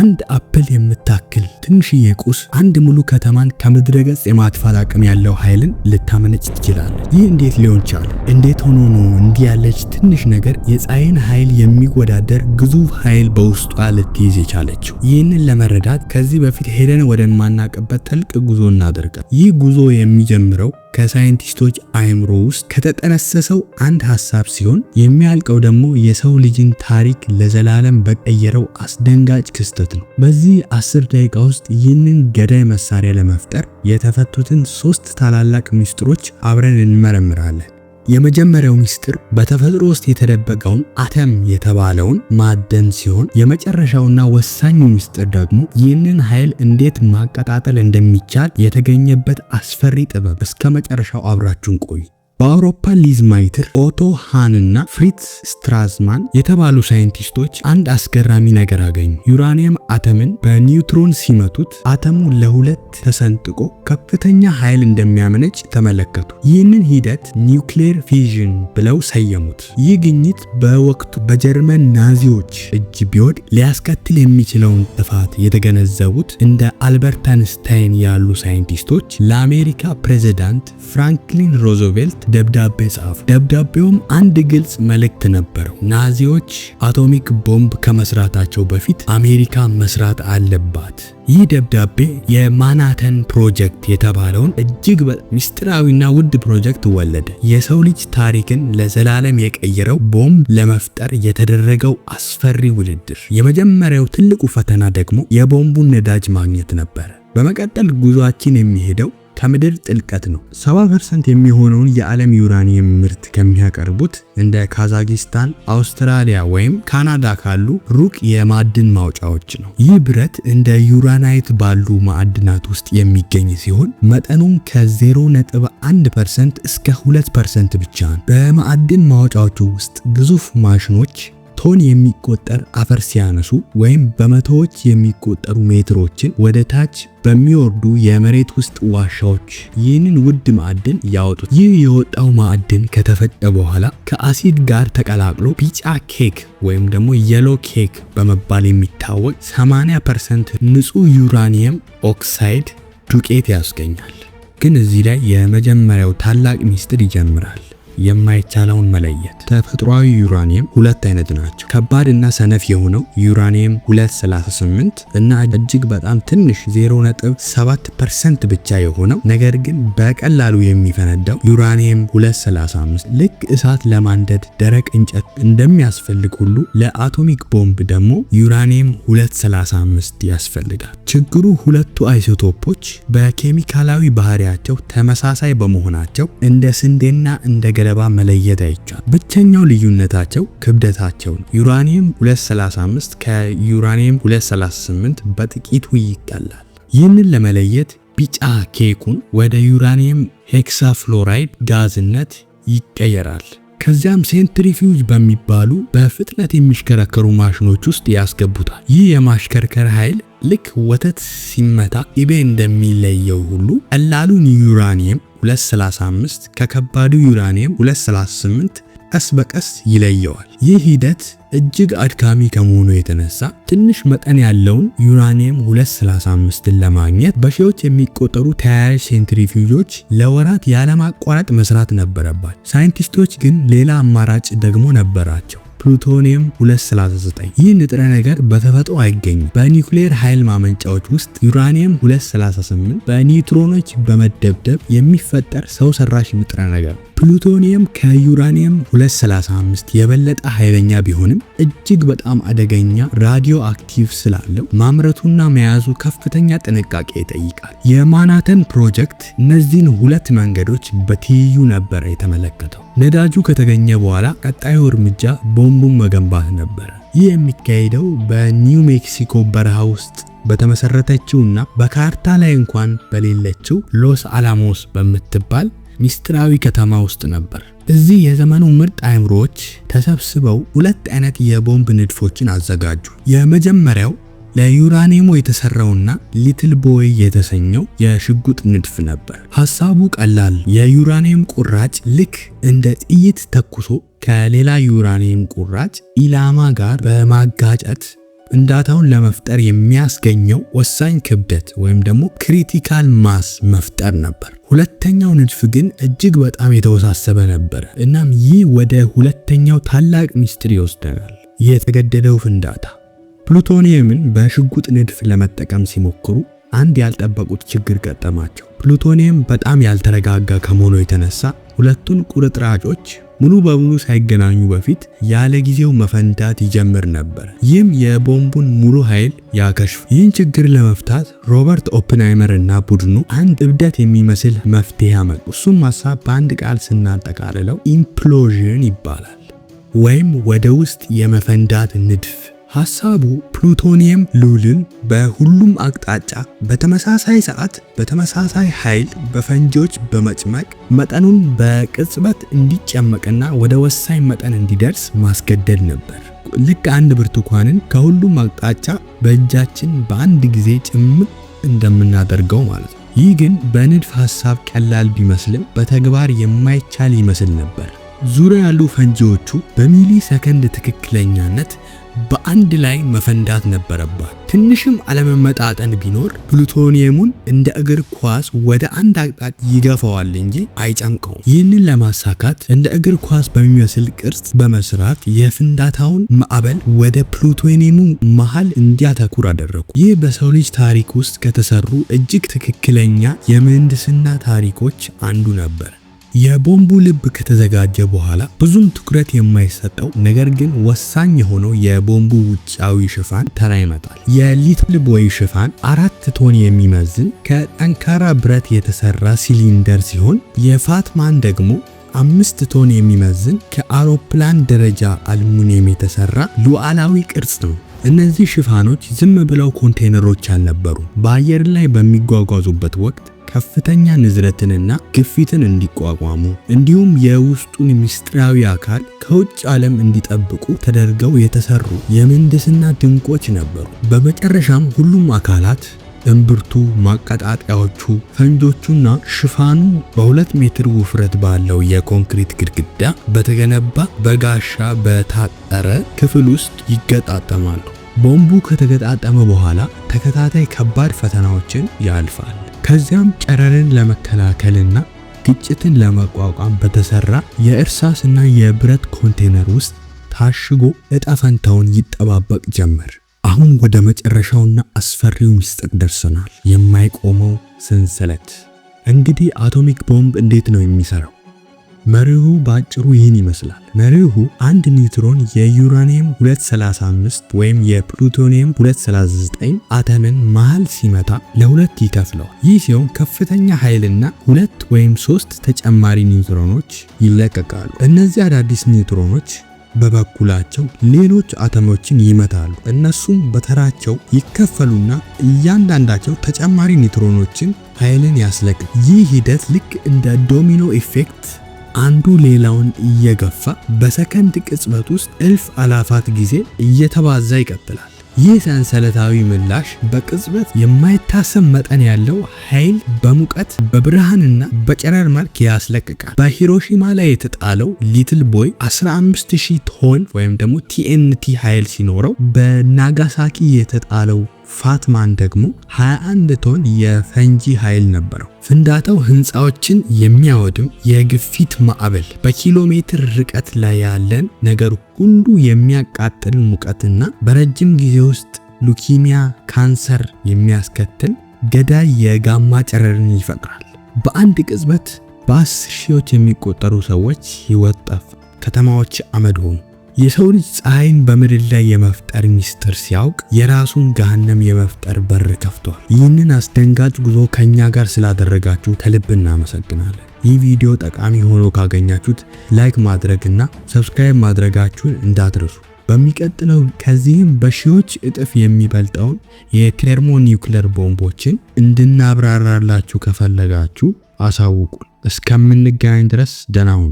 አንድ አፕል የምታክል ትንሽዬ ቁስ አንድ ሙሉ ከተማን ከምድረገጽ የማጥፋት አቅም ያለው ኃይልን ልታመነጭ ትችላለች። ይህ እንዴት ሊሆን ቻለ? እንዴት ሆኖ ነው እንዲህ ያለች ትንሽ ነገር የፀሐይን ኃይል የሚወዳደር ግዙፍ ኃይል በውስጧ ልትይዝ የቻለችው? ይህንን ለመረዳት ከዚህ በፊት ሄደን ወደማናቅበት ጥልቅ ጉዞ እናደርጋል። ይህ ጉዞ የሚጀምረው ከሳይንቲስቶች አእምሮ ውስጥ ከተጠነሰሰው አንድ ሐሳብ ሲሆን የሚያልቀው ደግሞ የሰው ልጅን ታሪክ ለዘላለም በቀየረው አስደንጋጭ ክስተት ነው። በዚህ አስር ደቂቃ ውስጥ ይህንን ገዳይ መሳሪያ ለመፍጠር የተፈቱትን ሶስት ታላላቅ ሚስጥሮች አብረን እንመረምራለን። የመጀመሪያው ሚስጥር በተፈጥሮ ውስጥ የተደበቀውን አተም የተባለውን ማደን ሲሆን የመጨረሻውና ወሳኙ ሚስጥር ደግሞ ይህንን ኃይል እንዴት ማቀጣጠል እንደሚቻል የተገኘበት አስፈሪ ጥበብ። እስከ መጨረሻው አብራችሁን ቆዩ። በአውሮፓ ሊዝ ማይትር፣ ኦቶ ሃን እና ፍሪትስ ስትራዝማን የተባሉ ሳይንቲስቶች አንድ አስገራሚ ነገር አገኙ። ዩራኒየም አተምን በኒውትሮን ሲመቱት አተሙ ለሁለት ተሰንጥቆ ከፍተኛ ኃይል እንደሚያመነጭ ተመለከቱ። ይህንን ሂደት ኒውክሌር ፊዥን ብለው ሰየሙት። ይህ ግኝት በወቅቱ በጀርመን ናዚዎች እጅ ቢወድ ሊያስከትል የሚችለውን ጥፋት የተገነዘቡት እንደ አልበርት አንስታይን ያሉ ሳይንቲስቶች ለአሜሪካ ፕሬዝዳንት ፍራንክሊን ሮዝቬልት ደብዳቤ ጻፈ። ደብዳቤውም አንድ ግልጽ መልእክት ነበረው። ናዚዎች አቶሚክ ቦምብ ከመስራታቸው በፊት አሜሪካ መስራት አለባት። ይህ ደብዳቤ የማናተን ፕሮጀክት የተባለውን እጅግ ሚስጥራዊና ውድ ፕሮጀክት ወለደ። የሰው ልጅ ታሪክን ለዘላለም የቀየረው ቦምብ ለመፍጠር የተደረገው አስፈሪ ውድድር። የመጀመሪያው ትልቁ ፈተና ደግሞ የቦምቡን ነዳጅ ማግኘት ነበረ። በመቀጠል ጉዟችን የሚሄደው ከምድር ጥልቀት ነው። 70% የሚሆነውን የዓለም ዩራኒየም ምርት ከሚያቀርቡት እንደ ካዛኪስታን፣ አውስትራሊያ ወይም ካናዳ ካሉ ሩቅ የማዕድን ማውጫዎች ነው። ይህ ብረት እንደ ዩራናይት ባሉ ማዕድናት ውስጥ የሚገኝ ሲሆን መጠኑም ከ0.1% እስከ 2% ብቻ ነው። በማዕድን ማውጫዎቹ ውስጥ ግዙፍ ማሽኖች ቶን የሚቆጠር አፈር ሲያነሱ ወይም በመቶዎች የሚቆጠሩ ሜትሮችን ወደ ታች በሚወርዱ የመሬት ውስጥ ዋሻዎች ይህንን ውድ ማዕድን ያወጡት። ይህ የወጣው ማዕድን ከተፈጨ በኋላ ከአሲድ ጋር ተቀላቅሎ ቢጫ ኬክ ወይም ደግሞ የሎ ኬክ በመባል የሚታወቅ 80% ንጹህ ዩራኒየም ኦክሳይድ ዱቄት ያስገኛል። ግን እዚህ ላይ የመጀመሪያው ታላቅ ሚስጥር ይጀምራል። የማይቻለውን መለየት። ተፈጥሯዊ ዩራኒየም ሁለት አይነት ናቸው። ከባድ እና ሰነፍ የሆነው ዩራኒየም 238 እና እጅግ በጣም ትንሽ 0.7% ብቻ የሆነው ነገር ግን በቀላሉ የሚፈነዳው ዩራኒየም 235። ልክ እሳት ለማንደድ ደረቅ እንጨት እንደሚያስፈልግ ሁሉ ለአቶሚክ ቦምብ ደግሞ ዩራኒየም 235 ያስፈልጋል። ችግሩ ሁለቱ አይሶቶፖች በኬሚካላዊ ባህሪያቸው ተመሳሳይ በመሆናቸው እንደ ስንዴና እንደ ገለባ መለየት አይቻል። ብቸኛው ልዩነታቸው ክብደታቸው ነው። ዩራኒየም 235 ከዩራኒየም 238 በጥቂቱ ይቀላል። ይህንን ለመለየት ቢጫ ኬኩን ወደ ዩራኒየም ሄክሳፍሎራይድ ጋዝነት ይቀየራል። ከዚያም ሴንትሪፊውጅ በሚባሉ በፍጥነት የሚሽከረከሩ ማሽኖች ውስጥ ያስገቡታል። ይህ የማሽከርከር ኃይል ልክ ወተት ሲመታ ቅቤ እንደሚለየው ሁሉ ቀላሉን ዩራኒየም 235 ከከባዱ ዩራኒየም 238 ቀስ በቀስ ይለየዋል። ይህ ሂደት እጅግ አድካሚ ከመሆኑ የተነሳ ትንሽ መጠን ያለውን ዩራኒየም 235ን ለማግኘት በሺዎች የሚቆጠሩ ተያያዥ ሴንትሪፊውጆች ለወራት ያለማቋረጥ መስራት ነበረባቸው። ሳይንቲስቶች ግን ሌላ አማራጭ ደግሞ ነበራቸው። ፕሉቶኒየም 239። ይህ ንጥረ ነገር በተፈጥሮ አይገኝም። በኒውክሌር ኃይል ማመንጫዎች ውስጥ ዩራኒየም 238 በኒውትሮኖች በመደብደብ የሚፈጠር ሰው ሰራሽ ንጥረ ነገር ፕሉቶኒየም ከዩራኒየም 235 የበለጠ ኃይለኛ ቢሆንም እጅግ በጣም አደገኛ ራዲዮ አክቲቭ ስላለው ማምረቱና መያዙ ከፍተኛ ጥንቃቄ ይጠይቃል። የማናተን ፕሮጀክት እነዚህን ሁለት መንገዶች በትይዩ ነበረ የተመለከተው። ነዳጁ ከተገኘ በኋላ ቀጣዩ እርምጃ ቦምቡን መገንባት ነበረ። ይህ የሚካሄደው በኒው ሜክሲኮ በረሃ ውስጥ በተመሰረተችውና በካርታ ላይ እንኳን በሌለችው ሎስ አላሞስ በምትባል ሚስጥራዊ ከተማ ውስጥ ነበር። እዚህ የዘመኑ ምርጥ አእምሮዎች ተሰብስበው ሁለት አይነት የቦምብ ንድፎችን አዘጋጁ። የመጀመሪያው ለዩራኒየሙ የተሰራውና ሊትል ቦይ የተሰኘው የሽጉጥ ንድፍ ነበር። ሐሳቡ ቀላል፣ የዩራኒየም ቁራጭ ልክ እንደ ጥይት ተኩሶ ከሌላ ዩራኒየም ቁራጭ ኢላማ ጋር በማጋጨት እንዳታውን ለመፍጠር የሚያስገኘው ወሳኝ ክብደት ወይም ደግሞ ክሪቲካል ማስ መፍጠር ነበር። ሁለተኛው ንድፍ ግን እጅግ በጣም የተወሳሰበ ነበረ። እናም ይህ ወደ ሁለተኛው ታላቅ ሚስጥር ይወስደናል፣ የተገደደው ፍንዳታ። ፕሉቶኒየምን በሽጉጥ ንድፍ ለመጠቀም ሲሞክሩ አንድ ያልጠበቁት ችግር ገጠማቸው። ፕሉቶኒየም በጣም ያልተረጋጋ ከመሆኑ የተነሳ ሁለቱን ቁርጥራጮች ሙሉ በሙሉ ሳይገናኙ በፊት ያለ ጊዜው መፈንዳት ይጀምር ነበር። ይህም የቦምቡን ሙሉ ኃይል ያከሽፍ። ይህን ችግር ለመፍታት ሮበርት ኦፕንሃይመር እና ቡድኑ አንድ እብደት የሚመስል መፍትሄ አመጡ። እሱም ሀሳብ በአንድ ቃል ስናጠቃልለው ኢምፕሎዥን ይባላል፣ ወይም ወደ ውስጥ የመፈንዳት ንድፍ ሐሳቡ ፕሉቶኒየም ሉልን በሁሉም አቅጣጫ በተመሳሳይ ሰዓት በተመሳሳይ ኃይል በፈንጂዎች በመጭመቅ መጠኑን በቅጽበት እንዲጨመቅና ወደ ወሳኝ መጠን እንዲደርስ ማስገደድ ነበር። ልክ አንድ ብርቱካንን ከሁሉም አቅጣጫ በእጃችን በአንድ ጊዜ ጭምቅ እንደምናደርገው ማለት ነው። ይህ ግን በንድፍ ሐሳብ ቀላል ቢመስልም በተግባር የማይቻል ይመስል ነበር። ዙሪያ ያሉ ፈንጂዎቹ በሚሊ ሰከንድ ትክክለኛነት በአንድ ላይ መፈንዳት ነበረባት። ትንሽም አለመመጣጠን ቢኖር ፕሉቶኒየሙን እንደ እግር ኳስ ወደ አንድ አቅጣጫ ይገፋዋል እንጂ አይጨምቀውም። ይህንን ለማሳካት እንደ እግር ኳስ በሚመስል ቅርጽ በመስራት የፍንዳታውን ማዕበል ወደ ፕሉቶኒየሙ መሃል እንዲያተኩር አደረጉ። ይህ በሰው ልጅ ታሪክ ውስጥ ከተሰሩ እጅግ ትክክለኛ የምህንድስና ታሪኮች አንዱ ነበር። የቦምቡ ልብ ከተዘጋጀ በኋላ ብዙም ትኩረት የማይሰጠው ነገር ግን ወሳኝ የሆነው የቦምቡ ውጫዊ ሽፋን ተራ ይመጣል። የሊትል ቦይ ሽፋን አራት ቶን የሚመዝን ከጠንካራ ብረት የተሰራ ሲሊንደር ሲሆን የፋትማን ደግሞ አምስት ቶን የሚመዝን ከአውሮፕላን ደረጃ አልሙኒየም የተሰራ ሉዓላዊ ቅርጽ ነው። እነዚህ ሽፋኖች ዝም ብለው ኮንቴይነሮች አልነበሩ። በአየር ላይ በሚጓጓዙበት ወቅት ከፍተኛ ንዝረትንና ግፊትን እንዲቋቋሙ እንዲሁም የውስጡን ምስጢራዊ አካል ከውጭ ዓለም እንዲጠብቁ ተደርገው የተሰሩ የምህንድስና ድንቆች ነበሩ። በመጨረሻም ሁሉም አካላት እምብርቱ፣ ማቀጣጠያዎቹ፣ ፈንጆቹና ሽፋኑ በሁለት ሜትር ውፍረት ባለው የኮንክሪት ግድግዳ በተገነባ በጋሻ በታጠረ ክፍል ውስጥ ይገጣጠማሉ። ቦምቡ ከተገጣጠመ በኋላ ተከታታይ ከባድ ፈተናዎችን ያልፋል። ከዚያም ጨረርን ለመከላከልና ግጭትን ለመቋቋም በተሰራ የእርሳስ እና የብረት ኮንቴነር ውስጥ ታሽጎ እጣ ፈንታውን ይጠባበቅ ጀመር። አሁን ወደ መጨረሻውና አስፈሪው ምስጢር ደርሰናል፣ የማይቆመው ሰንሰለት። እንግዲህ አቶሚክ ቦምብ እንዴት ነው የሚሰራው? መርሁ በአጭሩ ይህን ይመስላል። መርሁ አንድ ኒውትሮን የዩራኒየም 235 ወይም የፕሉቶኒየም 239 አተምን መሃል ሲመታ ለሁለት ይከፍለዋል። ይህ ሲሆን ከፍተኛ ኃይልና ሁለት ወይም ሶስት ተጨማሪ ኒውትሮኖች ይለቀቃሉ። እነዚህ አዳዲስ ኒውትሮኖች በበኩላቸው ሌሎች አተሞችን ይመታሉ። እነሱም በተራቸው ይከፈሉና እያንዳንዳቸው ተጨማሪ ኒውትሮኖችን ኃይልን ያስለቅቅ። ይህ ሂደት ልክ እንደ ዶሚኖ ኢፌክት አንዱ ሌላውን እየገፋ በሰከንድ ቅጽበት ውስጥ እልፍ አላፋት ጊዜ እየተባዛ ይቀጥላል። ይህ ሰንሰለታዊ ምላሽ በቅጽበት የማይታሰብ መጠን ያለው ኃይል በሙቀት በብርሃንና በጨረር መልክ ያስለቅቃል። በሂሮሺማ ላይ የተጣለው ሊትል ቦይ 15000 ቶን ወይም ደግሞ ቲኤንቲ ኃይል ሲኖረው በናጋሳኪ የተጣለው ፋትማን ደግሞ 21 ቶን የፈንጂ ኃይል ነበረው። ፍንዳታው ህንፃዎችን የሚያወድም የግፊት ማዕበል፣ በኪሎ ሜትር ርቀት ላይ ያለን ነገር ሁሉ የሚያቃጥል ሙቀትና በረጅም ጊዜ ውስጥ ሉኪሚያ ካንሰር የሚያስከትል ገዳይ የጋማ ጨረርን ይፈጥራል። በአንድ ቅጽበት በአስር ሺዎች የሚቆጠሩ ሰዎች ህይወት ጠፋ። ከተማዎች አመድ ሆኑ። የሰው ልጅ ፀሐይን በምድር ላይ የመፍጠር ሚስጥር ሲያውቅ የራሱን ገሃነም የመፍጠር በር ከፍቷል። ይህንን አስደንጋጭ ጉዞ ከኛ ጋር ስላደረጋችሁ ከልብ እናመሰግናለን። ይህ ቪዲዮ ጠቃሚ ሆኖ ካገኛችሁት ላይክ ማድረግና ሰብስክራይብ ማድረጋችሁን እንዳትረሱ። በሚቀጥለው ከዚህም በሺዎች እጥፍ የሚበልጠውን የክሌርሞ ኒውክሌር ቦምቦችን እንድናብራራላችሁ ከፈለጋችሁ አሳውቁን። እስከምንገናኝ ድረስ ደህና ሁኑ።